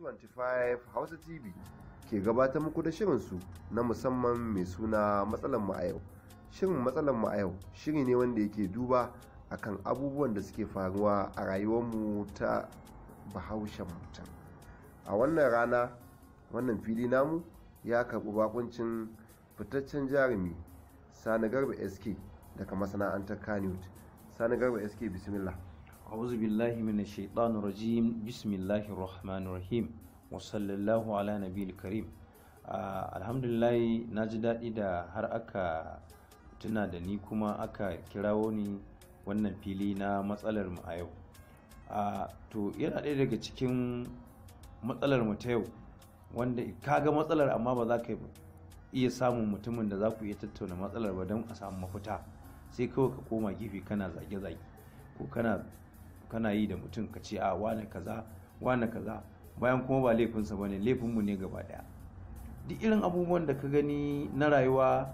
25 Hausa TV ke gabatar muku da shirinsu na musamman mai suna matsalan mu a yau. Shirin matsalan mu a yau shiri ne wanda yake duba akan abubuwan da suke faruwa a rayuwar mu ta bahaushen mutum. A wannan rana wannan fili namu ya karɓi bakuncin fitaccen jarumi Sani Garba SK daga masana'antar Kanute. Sani Garba SK bismillah. أعوذ بالله من الشيطان الرجيم بسم الله الرحمن الرحيم وصلى الله على نبي الكريم الحمد لله نجد إذا har aka tuna da ni kuma aka kirawo ni wannan fili na matsalar mu a yau ah, to yana ɗaya daga cikin matsalar mu ta yau wanda ka ga matsalar amma ba za ka iya samun mutumin da za ku iya tattauna matsalar ba don a samu mafita sai kawai ka koma gifi kana zage-zage ko kana kana yi da mutum ka ce a wane kaza wane kaza bayan kuma ba laifinsa ba ne laifinmu ne gaba daya duk irin abubuwan da ka gani na rayuwa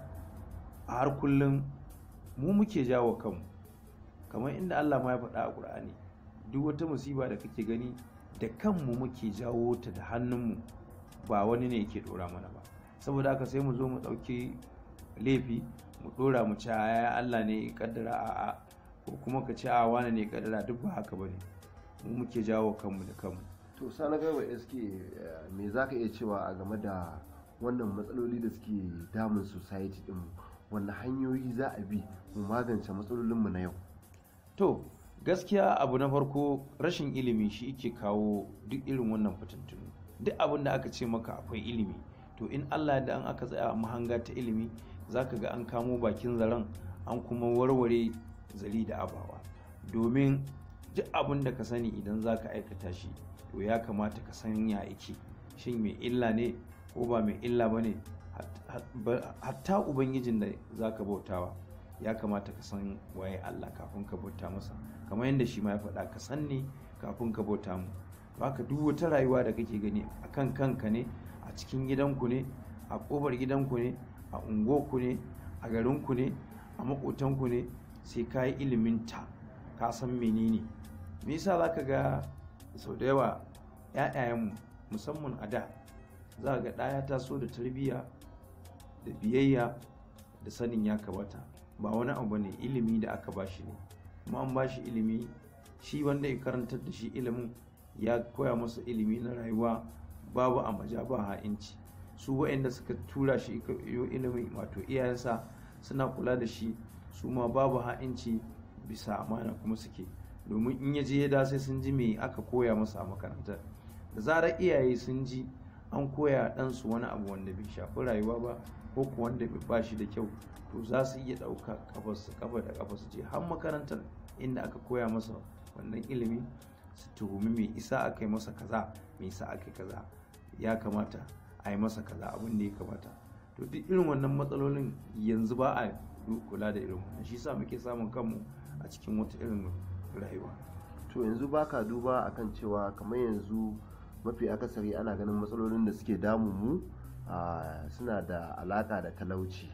a har kullum mu muke jawo kanmu kamar inda Allah ma ya faɗa a Ƙur'ani duk wata musiba da kake gani da kanmu muke jawo ta da hannunmu ba wani ne yake ɗora mana ba saboda haka sai mu zo mu ɗauki laifi mu ɗora mu ci Allah ne ya kaddara a'a ko kuma ka ce a wane ne kadara duk ba haka bane mu muke jawo kanmu da kanmu to sana garba sk me za ka iya cewa a game da wannan matsaloli da suke damun society din wanne hanyoyi za a bi mu magance matsalolinmu na yau to gaskiya abu na farko rashin ilimi shi ke kawo duk irin wannan fitintunu duk abin da aka ce maka akwai ilimi to in allah da an aka tsaya mahanga ta ilimi za ka ga an kamo bakin zaren an kuma warware zali da abawa domin duk abin da ka sani idan za ka aikata shi to ya kamata ka san ya yake shin mai illa ne ko ba mai illa ba ne hatta ubangijin da za ka bautawa ya kamata ka san waye Allah kafin ka bauta masa kamar yadda shi ma ya faɗa ka san ne kafin ka bauta mu haka duk wata rayuwa da kake gani a kan kanka ne a cikin gidanku ne a ƙofar gidanku ne a unguwarku ne a garinku ne a maƙotanku ne sai ka yi ta ka san menene me yasa za ka ga sau da yawa mu musamman a da za ga ɗaya ta so da tarbiyya da biyayya da sanin ya kamata ba wani abu ne ilimi da aka ba shi ne kuma an ba shi ilimi shi wanda ya karantar da shi ilimin ya koya masa ilimi na rayuwa babu a maja ba ha'inci su waɗanda suka tura shi ilimin wato iyayensa suna kula da shi su ma babu ha'inci bisa amana kuma suke domin in ya je ya da sai sun ji me aka koya masa a makaranta da zarar iyaye sun ji an koya ɗansu wani abu wanda bai shafi rayuwa ba ko kuwa wanda bai ba shi da kyau to za su iya ɗauka su kafa da kafa su je har makarantar inda aka koya masa wannan ilimi su tuhumi mai isa aka yi masa kaza mai isa aka yi kaza ya kamata a yi masa kaza abin da ya kamata to duk irin wannan matsalolin yanzu ba a kula da irin wannan shi sa muke samun kanmu a cikin wata irin rayuwa to yanzu baka duba akan cewa kamar yanzu mafi akasari ana ganin matsalolin da suke damu mu suna da alaka da talauci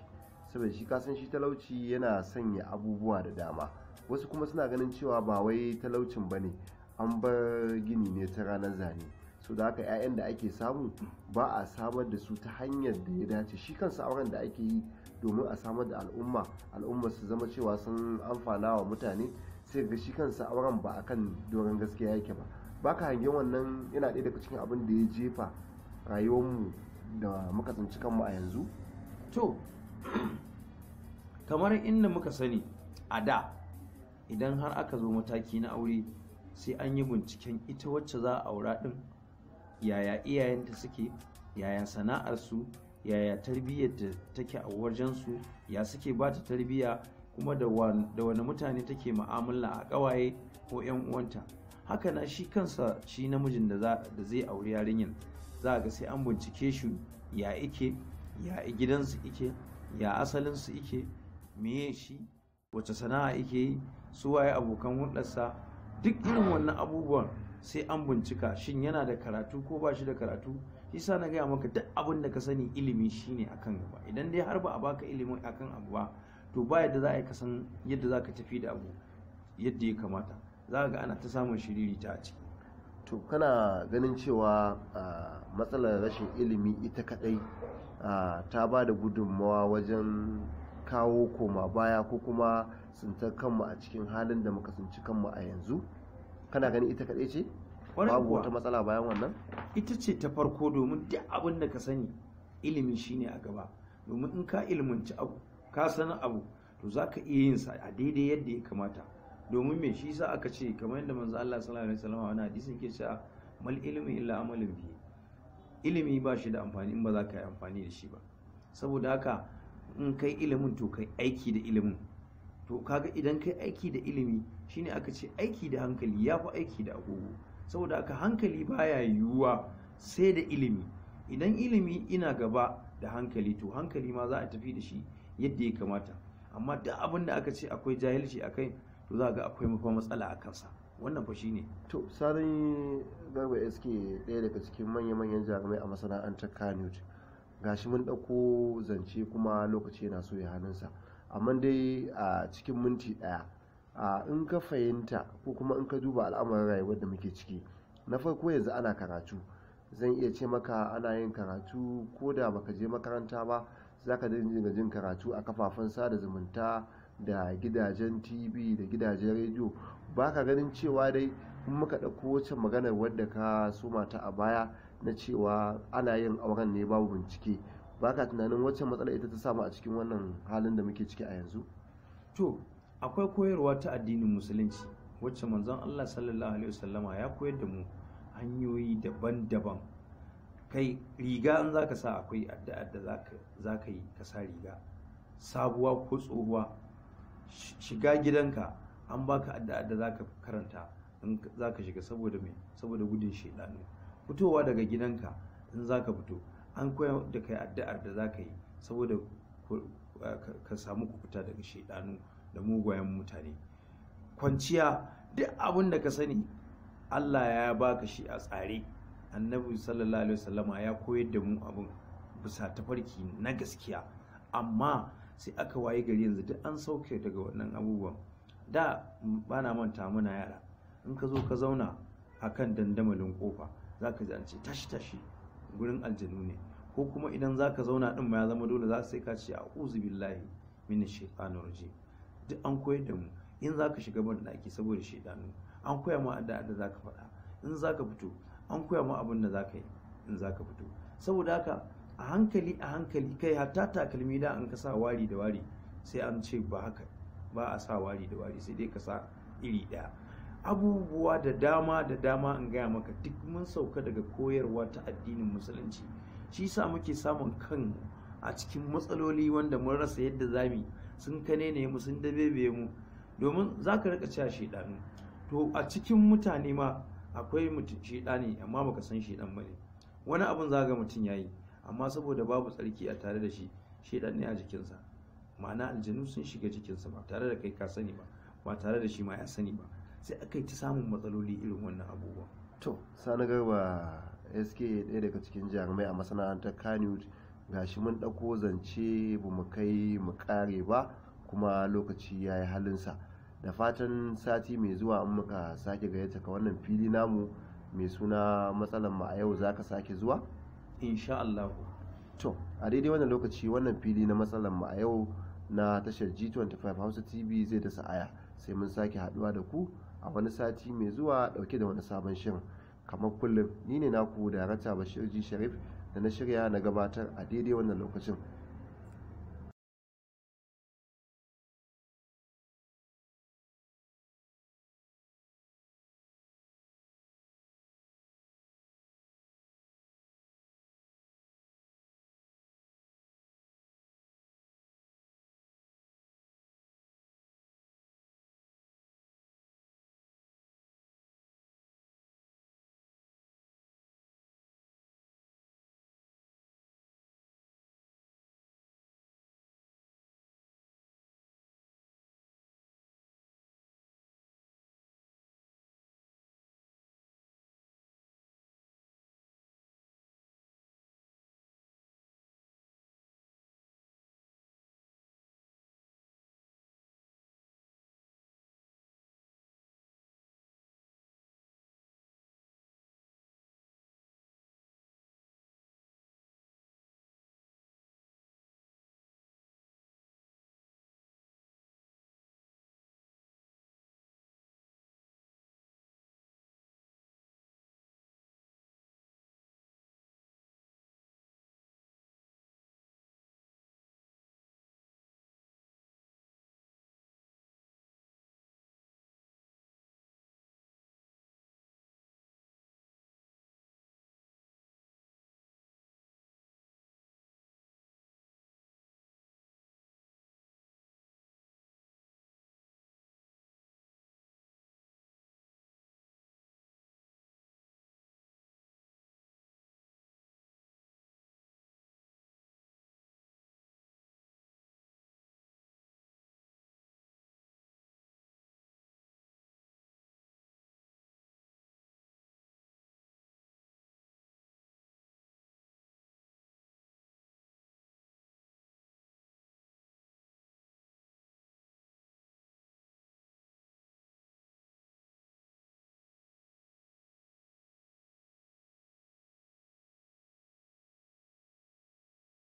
saboda shi kasan shi talauci yana sanya abubuwa da dama wasu kuma suna ganin cewa ba wai talaucin bane an bar gini ne ta ranar zane so da haka 'ya'yan da ake samu ba a samar da su ta hanyar da ya dace shi kansa auren da ake yi domin a samar da al'umma al'umma su zama cewa sun amfana wa mutane sai ga shi kansa auren ba akan doron gaskiya yake ba ba ka hangen wannan yana ɗaya daga cikin abin da ya jefa rayuwarmu da muka tsinci kanmu a yanzu to kamar inda muka sani a da idan har aka zo mataki na aure sai an yi binciken ita wacce za a aura din yaya iyayenta suke yaya sana'arsu yaya tarbiyyar ta take a wajensu ya suke ba ta tarbiyya kuma da wani mutane take ma'amala a ƙawaye ko 'yan uwanta haka na shi kansa shi namijin da zai auri yarinyar za a ga sai an bincike shi ya ike ya gidansu ike ya asalinsu ike meye shi wace sana'a ike yi su waye abokan hulɗarsa duk irin wannan abubuwan sai an bincika shin yana da karatu ko ba shi da karatu yasa na gaya maka duk abin da ka sani ilimi shine akan gaba idan dai har ba a baka ilimin akan abu ba to ba yadda za a yi kasan yadda za ka tafi da abu yadda ya kamata za ga ana ta samun shiriri ta a ciki to kana ganin cewa matsalar rashin ilimi ita kadai ta ba da gudunmawa wajen kawo koma baya ko kuma tsintar kanmu a cikin halin da muka tsinci kanmu a yanzu kana gani ita kaɗai ce babu wata matsala bayan wannan ita ce ta farko domin duk abin da ka sani ilimi shine a gaba domin in ka ilminci abu ka sanin abu to za ka iya yin sa a daidai yadda ya kamata domin me shi sa aka ce kamar yadda manzo Allah sallallahu alaihi wasallam wani hadisi ke cewa mal ilmi illa amalin bi ilimi ba shi da amfani in ba za ka yi amfani da shi ba saboda haka in kai ilimin to kai aiki da ilimin to kaga idan kai aiki da ilimi shine aka ce aiki da hankali yafi aiki da agogo saboda aka hankali baya yiwuwa sai da ilimi idan ilimi ina gaba da hankali to hankali ma za a tafi da shi yadda ya kamata amma duk abin da aka ce akwai jahilci a kai to za ga akwai mafa matsala a kansa wannan fa shine to sarin garba sk ɗaya daga cikin manya-manyan jarumai a masana'antar kanut gashi mun ɗauko zance kuma lokaci yana so ya hannunsa amma dai a cikin minti ɗaya a in ka fahimta ko kuma in ka duba al'amarin rayuwar da muke ciki na farko yanzu ana karatu zan iya ce maka ana yin karatu ko da baka je makaranta ba za ka dinga jin karatu a kafafen sada zumunta da gidajen tv da gidajen rediyo ba ka ganin cewa dai in muka ɗauko wacce maganar wadda ka soma ta a baya na cewa ana yin auren ne babu bincike ba ka tunanin wacce matsala ita ta samu a cikin wannan halin da muke ciki a yanzu to akwai koyarwa ta addinin musulunci wacce manzon Allah sallallahu alaihi wasallama ya koyar da mu hanyoyi daban-daban kai riga an zaka sa akwai addu'a da zaka yi ka sa riga sabuwa ko tsohuwa shiga gidanka an baka addu'a da zaka karanta in zaka shiga saboda me saboda gudun shedanu fitowa daga gidanka in zaka fito an koya da kai addu'ar da za ka yi saboda ka samu kukuta daga shaidanu da mugayen mutane kwanciya duk abin da ka sani Allah ya baka shi a tsare annabi sallallahu alaihi wasallama ya koyar da mu abin bisa tafarki na gaskiya amma sai aka waye gari yanzu duk an sauke daga wannan abubuwan da bana manta muna yara in ka zo ka zauna a kan dandamalin kofa za ka ji an ce tashi tashi gurin aljanu ne ko kuma idan zaka zauna din ma ya zama dole za sai ka ce uzu billahi minash shaitanir rajim duk an koyar da mu in zaka shiga ban daki saboda shaitanu an koya ma adda za zaka faɗa in zaka fito an koya ma abin da zaka yi in zaka fito saboda haka a hankali a hankali kai hatta takalmi da an kasa wari da wari sai an ce ba haka ba a sa wari da wari sai dai ka sa iri ɗaya abubuwa da dama da dama in gaya maka duk mun sauka daga koyarwa ta addinin musulunci shi sa muke samun kan a cikin matsaloli wanda mun rasa yadda zami sun kane ne mu sun dabebe mu domin za ka rika cewa shaidanu to a cikin mutane ma akwai shaidani amma baka san shaidan ba ne wani abun za ga mutum yayi amma saboda babu tsarki a tare da shi shaidan ne a jikinsa ma'ana aljanu sun shiga jikinsa ba tare da kai ka sani ba ba tare da shi ma ya sani ba sai aka yi ta samun matsaloli irin wannan abubuwan to sani garba sk ɗaya daga cikin jarumai a masana'antar ga gashi mun ɗauko zance ba mu kai mu ƙare ba kuma lokaci ya yi halinsa da fatan sati mai zuwa in muka sake gayyata ka wannan fili namu mai suna matsalan mu a yau za ka sake zuwa insha Allah to a daidai wannan lokaci wannan fili na matsalar mu a yau na tashar G25 Hausa TV zai ta sa'aya sai mun sake haɗuwa da ku a wani sati mai zuwa dauke da wani sabon shirin kamar kullum ni ne naku rata bashir ji sharif da na shirya na gabatar a daidai wannan lokacin